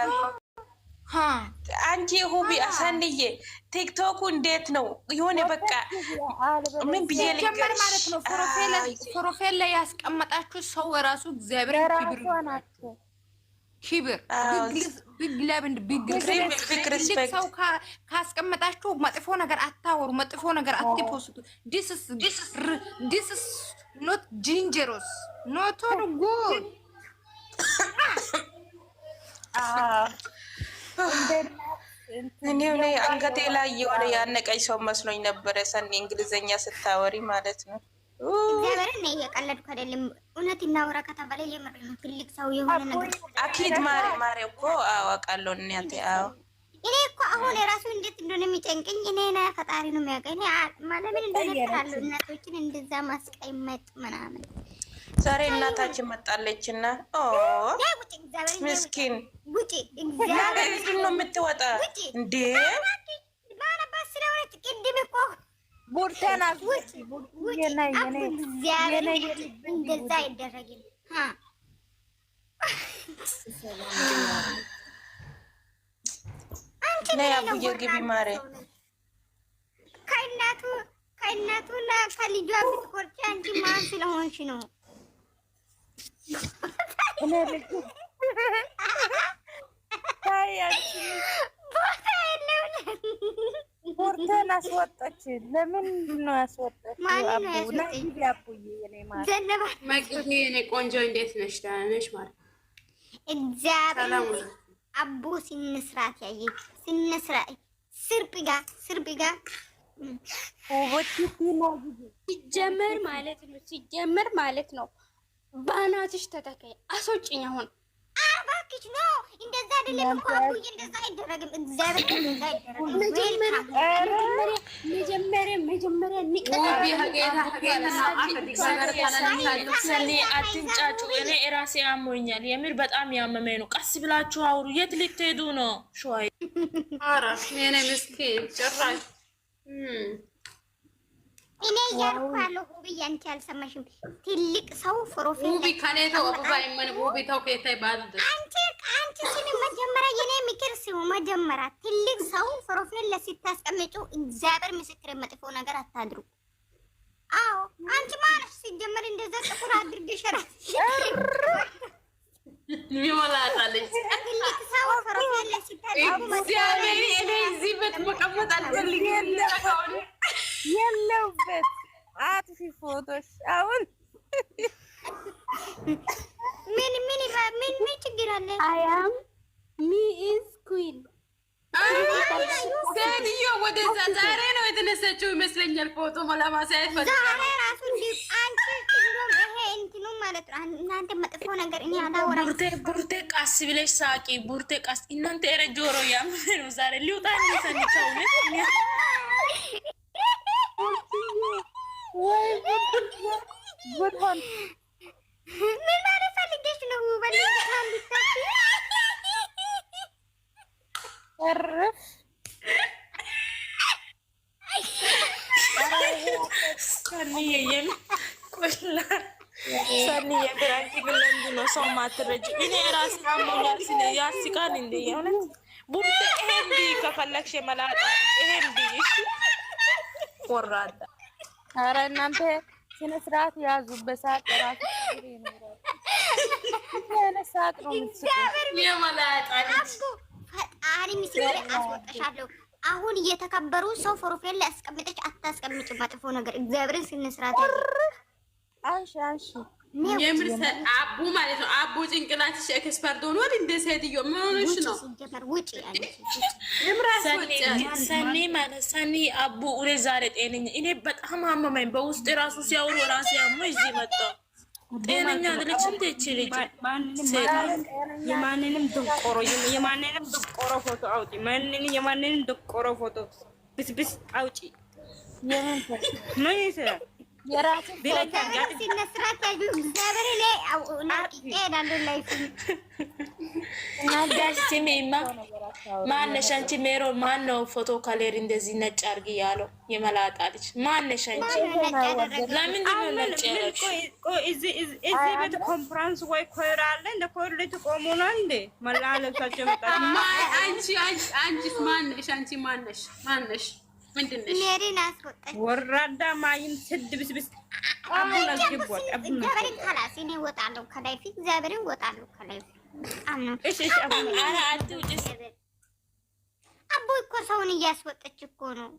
አንቺ ሁቢ አሳንዬ ቲክቶኩ እንዴት ነው የሆነ በቃ ምን ብዬ ልንገር ማለት ነው። ፕሮፌል ላይ ያስቀመጣችሁ ሰው ራሱ እግዚአብሔር ክብር ክብር ብግለብንድ ሰው ካስቀመጣችሁ መጥፎ ነገር አታወሩ፣ መጥፎ ነገር አትፖስቱ። ዲስ ኖት ጂንጀሮስ ኖቶን ጉድ እኔ አንገቴ ላይ የሆነ ያነቀኝ ሰው መስሎኝ ነበረ። ሰኒ እንግሊዝኛ ስታወሪ ማለት ነው። እየቀለድኩ አይደለም። እውነት እናውራ ከተባለ የምር ነው። ትልቅ ሰው የሆነ ነገር አኪድ ማሬ ማሬ እኮ አዋቃለሁ። አዎ እኔ እኮ አሁን የራሱ እንዴት እንደሆነ ፈጣሪ ነው ማለምን እናቶችን እንደዛ ማስቀይ መጥ ምናምን ዛሬ እናታችን ምስኪን ውጪ እግዚአብሔር ነው የምትወጣ እንዴ ግቢ ማሬ ከእናቱ ከእናቱና ከልጇ ብትቆርጪ አንቺ ማን ስለሆንሽ ነው? ቦርተን አስወጣች። ለምን ነው ያስወጣች? የኔ ቆንጆ እንዴት ነሽ? ደህና ነሽ? እግዚአብሔር አቦ ያየ ሲጀመር ማለት ነው ሲጀመር ማለት ነው። በአናትሽ አስወጭኝ አሁን አይደለም እኮ አቡዬ፣ እንደዛ እኔ እራሴ አሞኛል፣ የምር በጣም ያመመኝ ነው። ቀስ ብላችሁ አውሩ። የት ልትሄዱ ነው? ሸዋዬ ኧረ እኔ ምስኪን ጭራሽ እኔ እያልኩ ያለው ውብዬ፣ አንቺ አልሰማሽም። ትልቅ ሰው ፕሮፌል አንቺ መጀመሪያ ትልቅ ሰው ፕሮፌል ለሲታስቀምጩ እግዚአብሔር ምስክር መጥፎ ነገር አታድሩ። አዎ አንቺ ማለሽ ሲጀመር እንደዛ ጥቁር አድርገሽ እዚህ ቤት መቀመጥ አልፈልግም። ፎቶሽ አሁን ምን ምን ምን ምን ችግር አለ? አይ አም ሚ ኢዝ ኩዊን ሴትዮ ወደዛ ዛሬ ነው የተነሳችው ይመስለኛል። ፎቶ ለማሳየት ዛሬ ራሱ ይሄ እንትኑ ማለት ነው። እናንተ መጥፎ ነገር እኔ አላወራም። ቡርቴ ቡርቴ ብለሽ ሳቂ። ቡርቴ እናንተ ዛሬ ሊውጣ የም ቆላ ሰኒ የግራንቺ ለምንድን ነው ሰው ማትረጅ? እኔ ራስ አሞኛል። ያስቃል እንዴ ይሄን ቢ ከፈለግሽ ይሄን ቢ እሺ፣ ወራዳ አረ እናንተ ስነ ስርዓት ያዙ። በሳቅ ራሱ ሳቅ ነው የመላጣ ፈጣሪ አስወጣሻለሁ። አሁን እየተከበሩ ሰው ፕሮፋይል ላይ አስቀምጠች አታስቀምጭ ባጥፎ ነገር እግዚአብሔርን ስንስራት አንሺ አንሺ የምር አቡ ማለት ነው። አቡ ጭንቅላትሽ ኤክስፐርት ሆኗል። እንደ ሴትዮ ምን ሆነሽ ነው? ሰኒ ማለት ሰኒ አቡ ሬ ዛሬ ጤነኛ እኔ በጣም አመመኝ። በውስጥ ራሱ ሲያወሩ ራሱ ያሞ እዚህ መጣ። ጤነኛ አለች እንደ ይቺ ልጅ የማንንም ድንቆሮ የማንንም ድንቆሮ ፎቶ አውጪ። ማንን የማንንም ድንቆሮ ፎቶ ብስብስ አውጪ ማነሽ አንቺ ሜሮን? ማነው ፎቶ ካሌር እንደዚህ ነጭ አድርጊ ያለው? የመላጣ ልጅ ማነሽ አንቺ? ለምንድን ነው ነጭ ያለሽ? እዚህ ቤት ኮንፈረንስ ወይ ኮይራ አለ እንደ ኮይራ ላይ ትቆሙ ነው እንዴ? መላ ለብሳቸው አንቺ ማነሽ? አንቺ ማነሽ? ማነሽ ምንድን ነሽ? ወራዳ ማይን ስድ ብስብስ አቦ እኮ ሰውን እያስወጠች እኮ ነው።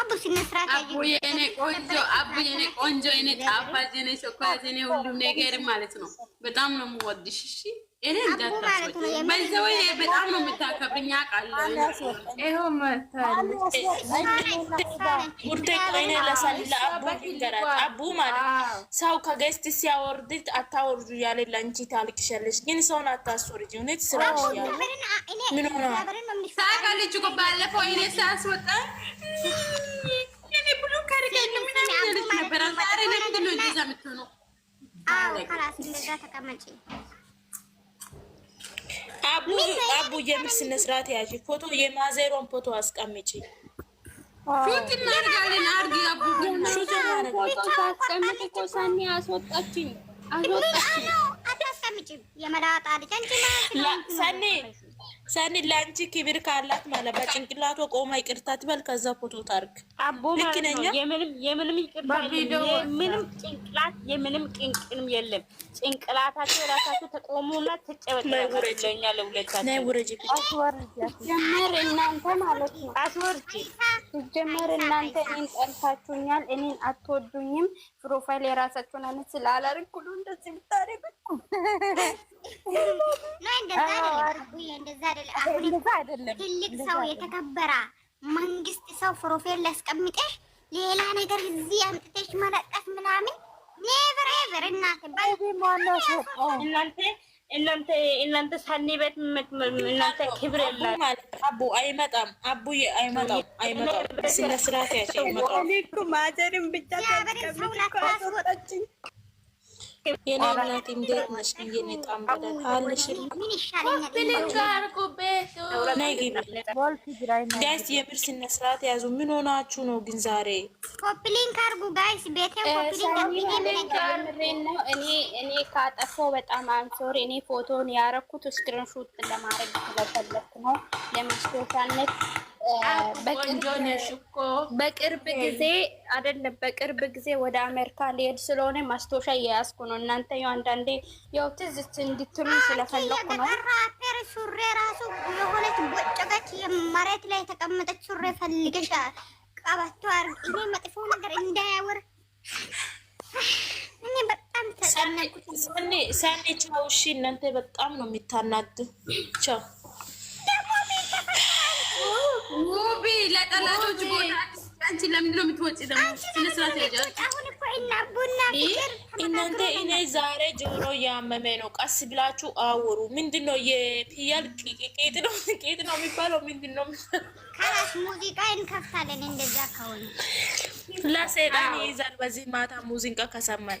አቦ ሲነስራት አቦ የኔ ቆንጆ አቦ የኔ ቆንጆ የኔ ጣፋጭ የኔ ሾኮላት የኔ ሁሉም ነገር ማለት ነው። በጣም ነው የምወድሽ። እሺ እኔ በጣም ነው የምታከብሪኝ አውቃለሁ። ይኸው አቡ ማለት ሰው ከገስት ሲያወርድ አታወርዱ ያለ ለአንቺ ታልቅሻለሽ፣ ግን ሰውን አታስወርጂ። እውነት ስራሽ ምን ሆነ ሳቃለች እኮ ባለፈው እኔ ሳያስወጣ ነበረ። ዛሬ ለምንድን ነው እንደዛ የምትሆነው? ተቀመጪ አቡ አቡ ስነ ስርዓት ያጂ ፎቶ የማዘሮን ፎቶ አስቀምጪ። ሹት እናርጋለን። አርጊ አቡ ሹት ፎቶ ሳስቀምጥ እኮ አስወጣችኝ። አስወጣችኝ። አታስቀምጪም የመላጣ ልጅ አንቺ ሰኒ ሰኒ ለአንቺ ክብር ካላት ማለት በጭንቅላቱ ቆማ ይቅርታ ትበል። ከዛ ፎቶ ታርግ አቦ ማለት ነው። የምንም ይቅርታ የምንም ጭንቅላት የምንም ቅንቅንም የለም። ጭንቅላታቸው የራሳቸው ተቆሙና ተጨበጠኛ ለሁለታቸው ጀመር እናንተ ማለት ነው። አስወርጂ ጀመር እናንተ እኔን ጠልታችሁኛል፣ እኔን አትወዱኝም። ፕሮፋይል የራሳቸውን አይነት ስላላርግ ሁሉ እንደዚህ እንደዛ አይደለም። ትልቅ ሰው የተከበረ መንግስት ሰው ፕሮፌል ላስቀምጠሽ ሌላ ነገር እዚህ አምጥተሽ መለጠፍ ምናምን ኔቨር ኤቨር። እናት እናንተ እናንተ ሳኒ ቤት እናንተ ክብር አቡ አይመጣም፣ አቡ አይመጣም፣ አይመጣም። ጋይስ የምር ስነ ስርዓት ያዙ። ምን ሆናችሁ ነው ግን ዛሬ? ኮፕሊንክ አርጉ ጋይስ። ቤቴ እኔ ካጠፋው በጣም አንሶር። እኔ ፎቶን ያረኩት ስክሪንሹት ለማድረግ ስለፈለኩ ነው ለመስታወሻነት በቅርብ ጊዜ አይደለም፣ በቅርብ ጊዜ ወደ አሜሪካ ሊሄድ ስለሆነ ማስታወሻ እየያዝኩ ነው። እናንተ ያው አንዳንዴ ያው ትዝ እንድትሉ ስለፈለኩ ነው። ራፔር ሱሬ ራሱ የሆነች ቦጨቀች መሬት ላይ የተቀመጠች ሱሬ ፈልገሽ ቀበቶ አርግ። እኔ መጥፎ ነገር እንዳያወር እኔ በጣም ተጨነቅኩ። ሰኔ ሰኔ ቻው። እሺ እናንተ በጣም ነው የሚታናድ ቻው ውቢ ለጠላቶች አንቺ ለምንድን ነው የምትወጪ? እናንተ እኔ ዛሬ ጆሮ እያመመ ነው። ቀስ ብላችሁ አውሩ። ምንድን ነው የፍየል ቂጥ ነው ቂጥ ነው የሚባለው? ምንድን ነው? ሙዚቃ እንከፍታለን። እንደዛ ከሆነ ለሰይጣን ይይዛል። በዚህ ማታ ሙዚቃ ከሰማን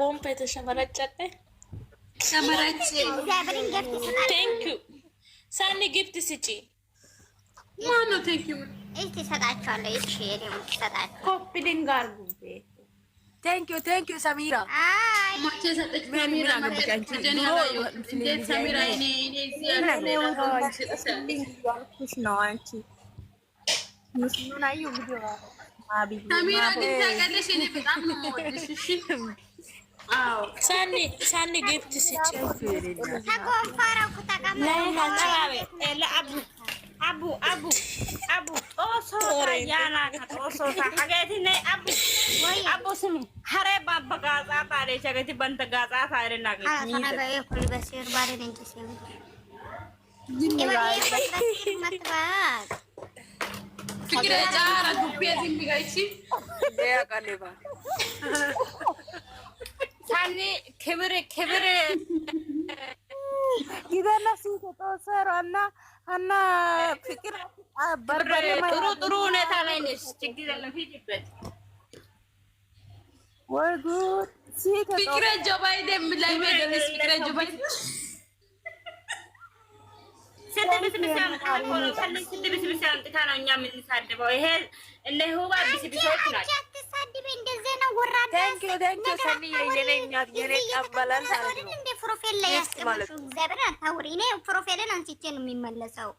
gonfa የተሸመረጨቀ ቴንክ ዩ ሳኒ ጊፍት ስጪ። ማነው ቴንክ ዩ እሰጣቸዋለሁ። እሺ እኔም እሰጣቸዋለሁ። ኮፒ ሊንክ አድርጉ። ቴንክ ዩ ሰሚራ መቼ ሰጠች? ሰሚራ እንዴት ሰሚራ ያልኩሽ ነው አንቺ ምስሉን አየሁ። ሰሚራ ግን ታውቂያለሽ እኔ በጣም ነው የምወድሽ ሳኒ ጊፍት ስጭ እኔ ክብር ክብር ይደና ሲተጠወሰሩ እና እና ፍቅር በርበሬ ጥሩ ጥሩ ሁኔታ ላይ ነሽ። ችግር የለም ሂጂበት። ወይ ጉድ! ፍቅረ ጆባይ ደም ላይ ወደስ ፍቅረ ጆባይ ስንት ብስብስ አምጥታ ነው እኛ የምንሳደበው። ይሄ እነ ሁባ ብስብሶች ናቸው። ወራዳ እንደ ፕሮፌል ላይ ያስቀመጥሽው እግዚአብሔር አታውሪ። እኔ ፕሮፌልን አንስቼ ነው የሚመለሰው።